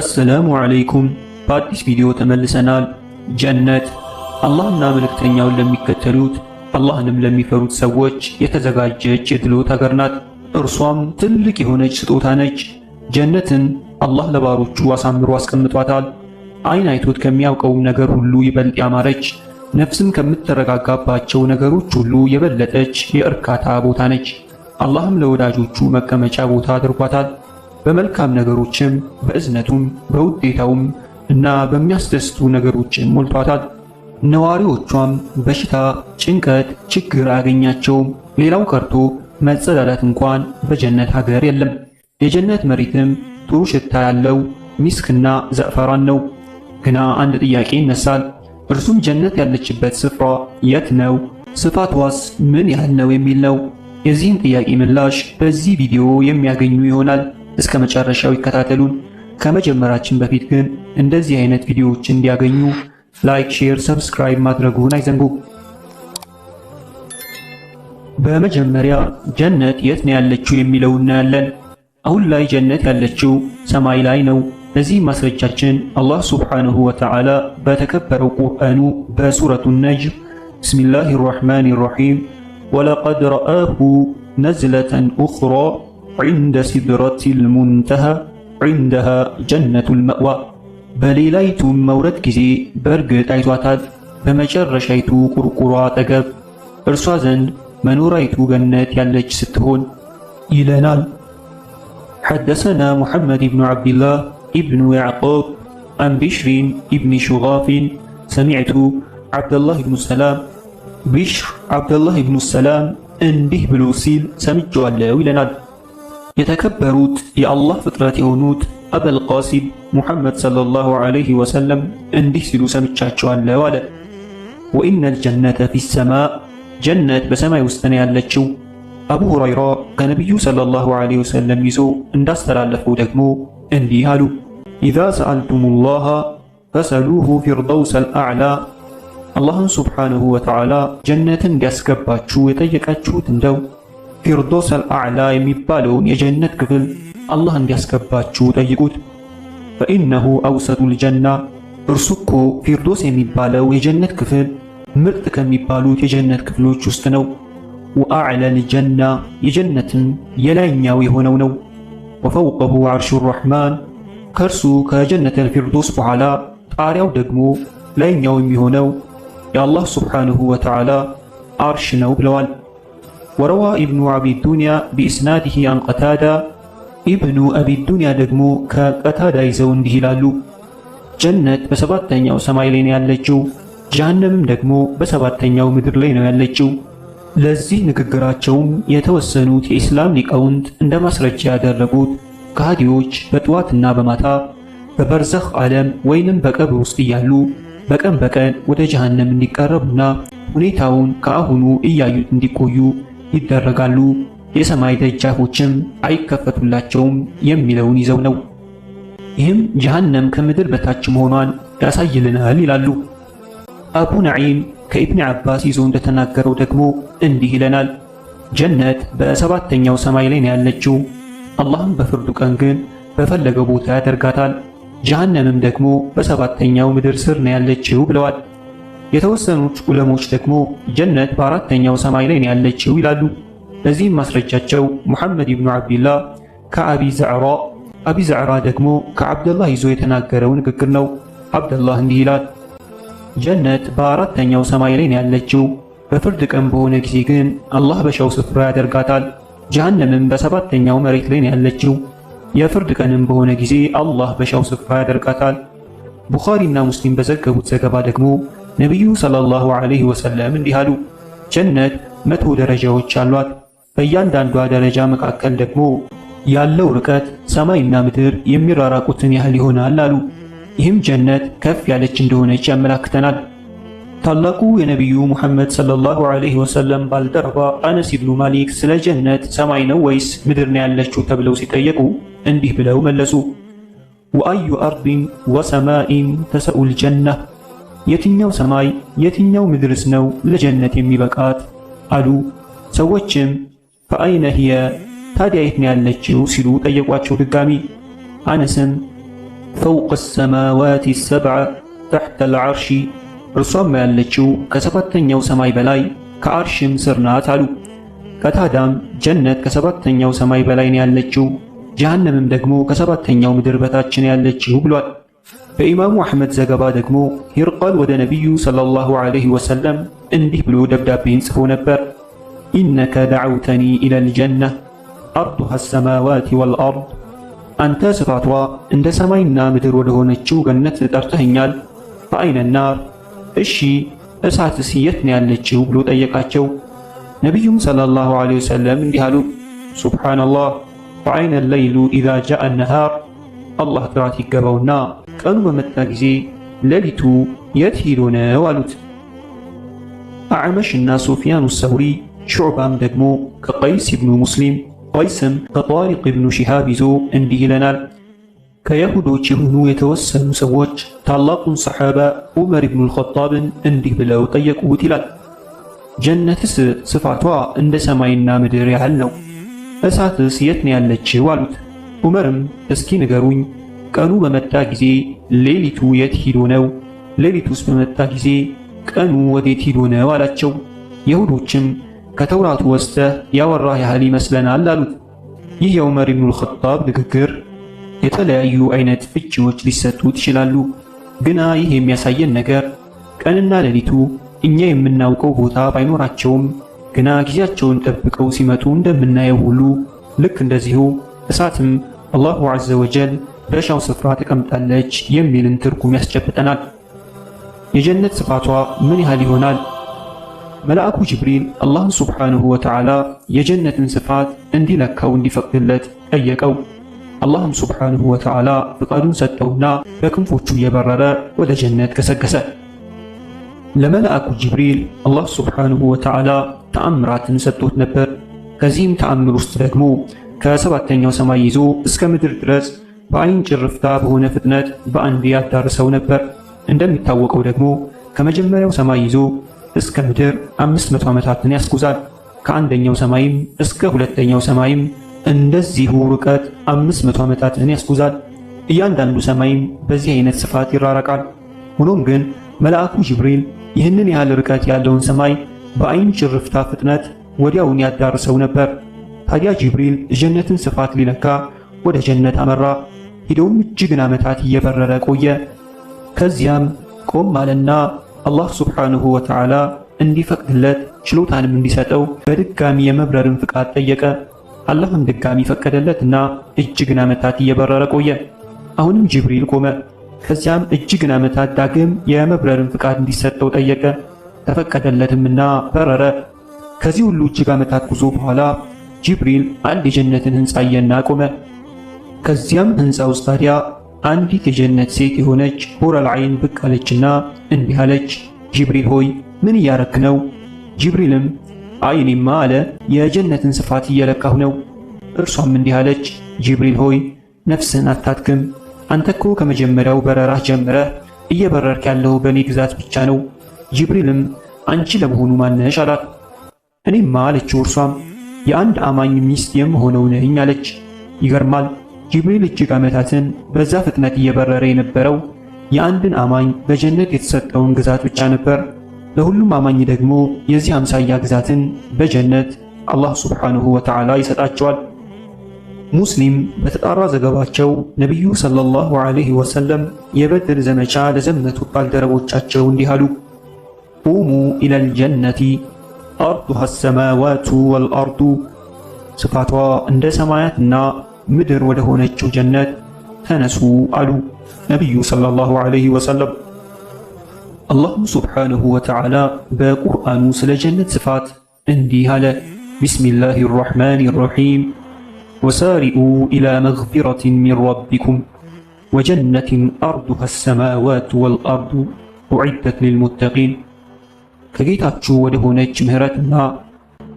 አሰላሙ አለይኩም። በአዲስ ቪዲዮ ተመልሰናል። ጀነት አላህና መልእክተኛውን ለሚከተሉት አላህንም ለሚፈሩት ሰዎች የተዘጋጀች የድሎት ሀገር ናት። እርሷም ትልቅ የሆነች ስጦታ ነች። ጀነትን አላህ ለባሮቹ አሳምሮ አስቀምጧታል። አይን አይቶት ከሚያውቀውም ነገር ሁሉ ይበልጥ ያማረች፣ ነፍስም ከምትረጋጋባቸው ነገሮች ሁሉ የበለጠች የእርካታ ቦታ ነች። አላህም ለወዳጆቹ መቀመጫ ቦታ አድርጓታል። በመልካም ነገሮችም በእዝነቱም በውዴታውም እና በሚያስደስቱ ነገሮችም ሞልቷታል። ነዋሪዎቿም በሽታ፣ ጭንቀት፣ ችግር አያገኛቸውም። ሌላው ቀርቶ መጸዳዳት እንኳን በጀነት ሀገር የለም። የጀነት መሬትም ጥሩ ሽታ ያለው ሚስክና ዘዕፈራን ነው። ግና አንድ ጥያቄ ይነሳል። እርሱም ጀነት ያለችበት ስፍራ የት ነው? ስፋቷስ ምን ያህል ነው የሚል ነው። የዚህን ጥያቄ ምላሽ በዚህ ቪዲዮ የሚያገኙ ይሆናል። እስከ መጨረሻው ይከታተሉን። ከመጀመራችን በፊት ግን እንደዚህ አይነት ቪዲዮዎች እንዲያገኙ ላይክ፣ ሼር፣ ሰብስክራይብ ማድረጉን አይዘንጉ። በመጀመሪያ ጀነት የት ነው ያለችው የሚለው እናያለን። አሁን ላይ ጀነት ያለችው ሰማይ ላይ ነው። ለዚህ ማስረጃችን አላህ ሱብሓነሁ ወተዓላ በተከበረው ቁርአኑ በሱረቱ ነጅም ብስሚላሂ ራሕማኒ ራሒም ወለቀድ ረአሁ ነዝለተን ኡኽራ عند سدرة المنتهى عندها جنة المأوى بلي لايتو مورد كزي برق تايتواتات بما شرشيتو قرقرا تقف ارسوازن منورايتو جنات يالج ستهون إلى نال حدثنا محمد بن عبد الله ابن يعقوب عن بشر ابن شغاف سمعت عبد الله بن السلام بشر عبد الله بن السلام ان به بلوسيل سمجو الله ولا የተከበሩት የአላህ ፍጥረት የሆኑት አበል ቃሲም ሙሐመድ ሰለላሁ ዐለይሂ ወሰለም እንዲህ ሲሉ ሰምቻቸዋለሁ አለ። ወኢነል ጀነተ ፊሰማ ጀነት በሰማይ ውስጥ ነው ያለችው። አቡ ሁረይራ ከነቢዩ ሰለላሁ ዐለይሂ ወሰለም ይዞ እንዳስተላለፈው ደግሞ እንዲህ አሉ። ኢዛ ሰአልቱሙላሃ ፈሰሉሁ ፊርደውሰል አዕላ አላህን ሱብሓነሁ ወተዓላ ጀነትን እንዲያስገባችሁ የጠየቃችሁት እንደው ፊርዶስ አልአዕላ የሚባለውን የጀነት ክፍል አላህ እንዲያስገባችሁ ጠይቁት። ፈኢነሁ አውሰቱል ጀና፣ እርሱ እኮ ፊርዶስ የሚባለው የጀነት ክፍል ምርጥ ከሚባሉት የጀነት ክፍሎች ውስጥ ነው። ወአዕለል ጀና፣ የጀነትም የላይኛው የሆነው ነው። ወፈውቀሁ ዐርሹ ረሕማን፣ ከእርሱ ከጀነተል ፊርዶስ በኋላ ጣሪያው ደግሞ ላይኛው የሚሆነው የአላህ ስብሓንሁ ወተዓላ አርሽ ነው ብለዋል። ወረዋ ኢብኑ አቢ ዱንያ ቢእስናድህ አን ቀታዳ ኢብኑ አቢ ዱንያ ደግሞ ከቀታዳ ይዘው እንዲህ ይላሉ። ጀነት በሰባተኛው ሰማይ ላይ ነው ያለችው፣ ጀሃነምም ደግሞ በሰባተኛው ምድር ላይ ነው ያለችው። ለዚህ ንግግራቸውም የተወሰኑት የኢስላም ሊቃውንት እንደ ማስረጃ ያደረጉት ከሃዲዎች በጥዋትና በማታ በበርዘኽ ዓለም ወይንም በቀብር ውስጥ እያሉ በቀን በቀን ወደ ጀሃነም እንዲቀረቡና ሁኔታውን ከአሁኑ እያዩት እንዲቆዩ ይደረጋሉ፣ የሰማይ ደጃፎችም አይከፈቱላቸውም የሚለውን ይዘው ነው። ይህም ጀሃነም ከምድር በታች መሆኗን ያሳይልናል ይላሉ። አቡ ነዒም ከኢብኒ አባስ ይዞ እንደተናገረው ደግሞ እንዲህ ይለናል። ጀነት በሰባተኛው ሰማይ ላይ ነው ያለችው። አላህም በፍርዱ ቀን ግን በፈለገው ቦታ ያደርጋታል። ጀሃነምም ደግሞ በሰባተኛው ምድር ስር ነው ያለችው ብለዋል። የተወሰኑት ዑለሞች ደግሞ ጀነት በአራተኛው ሰማይ ላይ ነው ያለችው ይላሉ። ለዚህም ማስረጃቸው ሙሐመድ ኢብኑ አብዲላህ ከአቢ ዘዕራ አቢ ዘዕራ ደግሞ ከአብደላህ ይዞ የተናገረው ንግግር ነው። አብደላህ እንዲህ ይላል፣ ጀነት በአራተኛው ሰማይ ላይ ነው ያለችው። በፍርድ ቀን በሆነ ጊዜ ግን አላህ በሻው ስፍራ ያደርጋታል። ጀሃነምም በሰባተኛው መሬት ላይ ነው ያለችው። የፍርድ ቀንም በሆነ ጊዜ አላህ በሻው ስፍራ ያደርጋታል። ቡኻሪና ሙስሊም በዘገቡት ዘገባ ደግሞ ነቢዩ ሰለላሁ ዐለይሂ ወሰለም እንዲህ አሉ፣ ጀነት መቶ ደረጃዎች አሏት። በእያንዳንዷ ደረጃ መካከል ደግሞ ያለው ርቀት ሰማይና ምድር የሚራራቁትን ያህል ይሆናል አሉ። ይህም ጀነት ከፍ ያለች እንደሆነች ያመላክተናል። ታላቁ የነቢዩ ሙሐመድ ሰለላሁ ዐለይሂ ወሰለም ባልደረባ አነስ ኢብኑ ማሊክ ስለ ጀነት ሰማይ ነው ወይስ ምድር ነው ያለችው ተብለው ሲጠየቁ እንዲህ ብለው መለሱ፣ ወአዩ አርዲን ወሰማኢን ተሰኡል ጀነህ የትኛው ሰማይ የትኛው ምድርስ ነው ለጀነት የሚበቃት? አሉ። ሰዎችም ፈአይነ ሂየ ታዲያ የት ነው ያለችው ሲሉ ጠየቋቸው ድጋሚ። አነስም ፈውቅ ሰማዋት ሰብዐ ተሕተ ልዓርሺ እርሷማ ያለችው ከሰባተኛው ሰማይ በላይ ከአርሽም ስር ናት አሉ። ከታዳም ጀነት ከሰባተኛው ሰማይ በላይ ነው ያለችው፣ ጀሃነምም ደግሞ ከሰባተኛው ምድር በታችን ያለችው ብሏል። በኢማሙ አሕመድ ዘገባ ደግሞ ሂርቀል ወደ ነቢዩ ሰለላሁ ዐለይሂ ወሰለም እንዲህ ብሎ ደብዳቤን ጽፎ ነበር። ኢነከ ደዐውተኒ ኢለል ጀነህ አርዱሃ ወል አርድ። አንተ ስፋቷ እንደ ሰማይና ምድር ወደ ሆነችው ገነት ጠርተኸኛል። ፈአይነ ናር፣ እሺ እሳትስ የት ነው ያለችው ብሎ ጠየቃቸው። ነቢዩም ሰለላሁ ዐለይሂ ወሰለም እንዲህ አሉ፣ ሱብሓነላህ ፈአይነ ለይሉ ኢዛ ጃአ ነሃር አላህ ጥራት ይገባውና ቀኑ በመጣ ጊዜ ሌሊቱ የት ሂዶ ነው አሉት። አዕመሽና ሶፊያኑ ሰውሪ ሹዕባም ደግሞ ከቀይስ ብኑ ሙስሊም ቀይስም ከጣሪቅ ብኑ ሺሃብ ይዞ እንዲህ ይለናል። ከይሁዶች የሆኑ የተወሰኑ ሰዎች ታላቁን ሰሓባ ዑመር ብኑ ልኸጣብን እንዲህ ብለው ጠየቁት ይላል። ጀነትስ ስፋቷ እንደ ሰማይና ምድር ያህል ነው፣ እሳትስ የት ነው ያለችው? አሉት ዑመርም እስኪ ንገሩኝ፣ ቀኑ በመጣ ጊዜ ሌሊቱ የት ሂዶ ነው? ሌሊቱስ በመጣ ጊዜ ቀኑ ወዴት ሂዶ ነው አላቸው። ይሁዶችም ከተውራቱ ወስተህ ያወራህ ያህል ይመስለናል አሉት። ይህ የዑመር ኢብኑል ኸጣብ ንግግር የተለያዩ አይነት ፍቺዎች ሊሰጡት ይችላሉ። ግና ይህ የሚያሳየን ነገር ቀንና ሌሊቱ እኛ የምናውቀው ቦታ ባይኖራቸውም ግና ጊዜያቸውን ጠብቀው ሲመጡ እንደምናየው ሁሉ ልክ እንደዚሁ እሳትም አላሁ ዐዘ ወጀል በእርሻው ስፍራ ተቀምጣለች የሚልን ትርጉም ያስጨብጠናል። የጀነት ስፋቷ ምን ያህል ይሆናል? መልአኩ ጅብሪል አላህ ሱብሓነሁ ወተዓላ የጀነትን ስፋት እንዲለካው እንዲፈቅድለት ጠየቀው። አላህም ሱብሓነሁ ወተዓላ ፍቃዱን ሰጠውና በክንፎቹ እየበረረ ወደ ጀነት ገሰገሰ። ለመልአኩ ጅብሪል አላህ ሱብሓነሁ ወተዓላ ተአምራትን ሰጥቶት ነበር። ከዚህም ተአምር ውስጥ ደግሞ ከሰባተኛው ሰማይ ይዞ እስከ ምድር ድረስ በአይን ጭርፍታ በሆነ ፍጥነት በአንድ ያዳርሰው ነበር። እንደሚታወቀው ደግሞ ከመጀመሪያው ሰማይ ይዞ እስከ ምድር አምስት መቶ ዓመታትን ያስጉዛል። ከአንደኛው ሰማይም እስከ ሁለተኛው ሰማይም እንደዚሁ ርቀት አምስት መቶ ዓመታትን ያስጉዛል። እያንዳንዱ ሰማይም በዚህ አይነት ስፋት ይራረቃል። ሆኖም ግን መልአኩ ጅብሪል ይህንን ያህል ርቀት ያለውን ሰማይ በአይን ጭርፍታ ፍጥነት ወዲያውን ያዳርሰው ነበር። ታዲያ ጅብሪል የጀነትን ስፋት ሊለካ ወደ ጀነት አመራ። ሄደውም እጅግን ዓመታት እየበረረ ቆየ። ከዚያም ቆም አለና አላህ ሱብሓነሁ ወተዓላ እንዲፈቅድለት ችሎታንም እንዲሰጠው በድጋሚ የመብረርን ፍቃድ ጠየቀ። አላህም ድጋሚ ፈቀደለትና እጅግን ዓመታት እየበረረ ቆየ። አሁንም ጅብሪል ቆመ። ከዚያም እጅግን ዓመታት ዳግም የመብረርን ፍቃድ እንዲሰጠው ጠየቀ። ተፈቀደለትምና በረረ። ከዚህ ሁሉ እጅግ ዓመታት ጉዞ በኋላ ጅብሪል አንድ የጀነትን ህንፃ እየና ቆመ። ከዚያም ህንፃ ውስጥ ታዲያ አንዲት የጀነት ሴት የሆነች ሁረል አይን ብቅ አለችና እንዲህ አለች፣ ጅብሪል ሆይ ምን እያረክ ነው? ጅብሪልም አይኔማ አለ የጀነትን ስፋት እየለካሁ ነው። እርሷም እንዲህ አለች፣ ጅብሪል ሆይ ነፍስህን አታትክም። አንተ እኮ ከመጀመሪያው በረራህ ጀምረህ እየበረርክ ያለው በእኔ ግዛት ብቻ ነው። ጅብሪልም አንቺ ለመሆኑ ማነሽ አላት። እኔማ አለችው እርሷም የአንድ አማኝ ሚስት የምሆነው ነኝ አለች። ይገርማል። ጅብሪል እጅግ ዓመታትን በዛ ፍጥነት እየበረረ የነበረው የአንድን አማኝ በጀነት የተሰጠውን ግዛት ብቻ ነበር። ለሁሉም አማኝ ደግሞ የዚህ አምሳያ ግዛትን በጀነት አላህ ሱብሓነሁ ወተዓላ ይሰጣቸዋል። ሙስሊም በተጣራ ዘገባቸው ነቢዩ ሰለላሁ ዐለይሂ ወሰለም የበድር ዘመቻ ለዘመቱ ባልደረቦቻቸው እንዲህ አሉ፣ ቁሙ ኢለል ጀነቲ أرضها السماوات والأرض صفاتها عند سماياتنا مدر نج جنات تنسوا ألو نبي صلى الله عليه وسلم الله سبحانه وتعالى بقرآن سل جنة صفات عندي هلا بسم الله الرحمن الرحيم وسارئوا إلى مغفرة من ربكم وجنة أرضها السماوات والأرض أعدت للمتقين ከጌታችሁ ወደ ሆነች ምሕረትና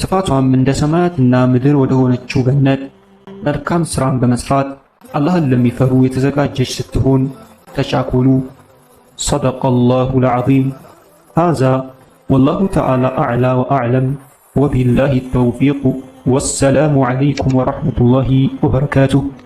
ስፋቷም እንደ ሰማያትና ምድር ወደ ሆነችው ገነት መልካም ሥራን በመሥራት አላህን ለሚፈሩ የተዘጋጀች ስትሆን ተቻኮሉ። صدق الله العظيم هذا والله تعالى أعلى وأعلم وبالله التوفيق والسلام عليكم ورحمة الله وبركاته